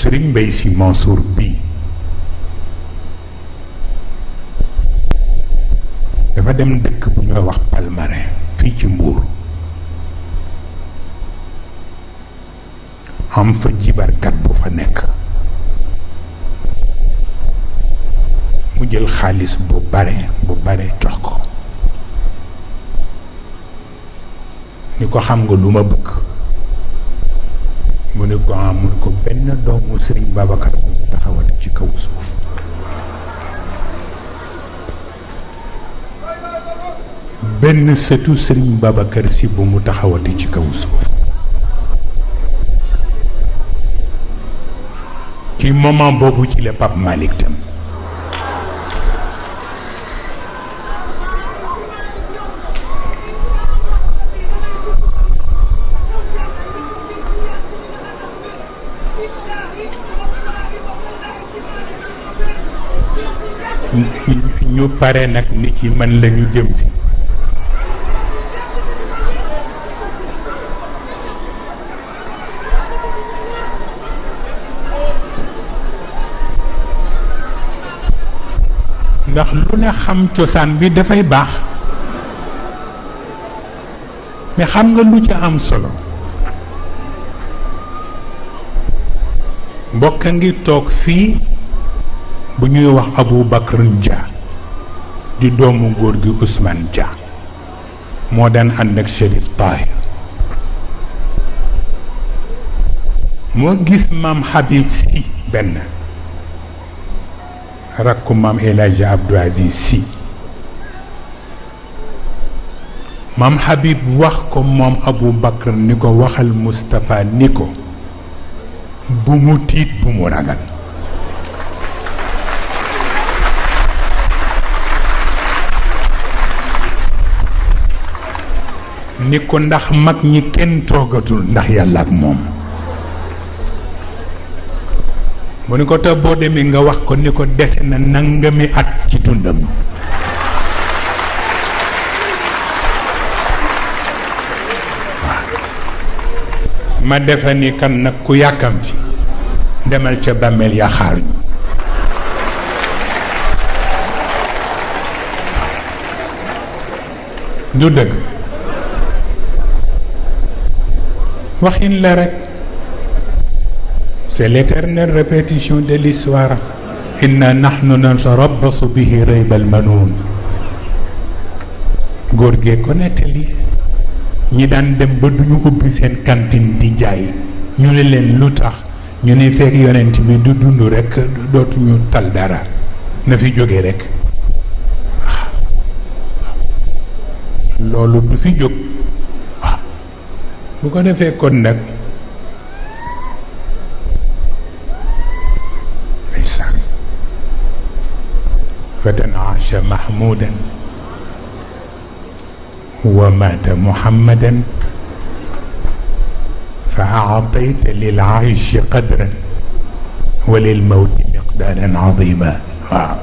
Serigne Mbaye Sy Mansour bii dafa dem dëkk bu ñuy wax Palmarin fii ci Mbour am fa jibarkat bu fa nekk mu jël xaalis bu bare bu bare jox ko ni ko xam nga lu ma bëgg ne ko ah benn doomu Serigne Babacar ci kaw suuf benn sëtu Serigne Babacar si bu mu taxawati ci kaw suuf ci moment boobu ci la Pape Malick tam ñu pare nag nit yi mën lañu jëm si ndax lu ne xam cosaan bi dafay baax mais xam nga lu ci am solo mbokk a ngi toog fii bu ñuy wax Abou Bakr Dia di doomu góor gi Ousmane Dia moo daan ànd ak Chérif Tahir moo gis mam Habib si benn rakku mam elaja Hadji Abdou si mam Habib wax ko moom Abou Bakr ni ko waxal Moustapha ni bu mu bu mu ni ko ndax mag ñi kenn toogatul ndax yàlla ak moom mu ni ko te boo demee nga wax ko ni ko dese na nangami at ci dundam ma defe ni kan nag ku yàkkamti demal ca bàmmeel ya xaar ñu du dëgg waxin la rek c'est l'éternelle répétition de l'histoire inna nahnu natarabbasu bihi raybal manuun góor gee ko nettali ñi daan dem ba duñu ubbi seen kantin di jaay ñu ne leen lu tax ñu ne fekk yonent bi du dund rek dootuñu tal dara na fi jóge rek loolu du fi jóg bu ko defee kon nag ay ndeysaan fatan aasha mahmudan wa mata muhammadan fa aatayta lil aishi qadran wa lil mawti miqdaaran azima waaw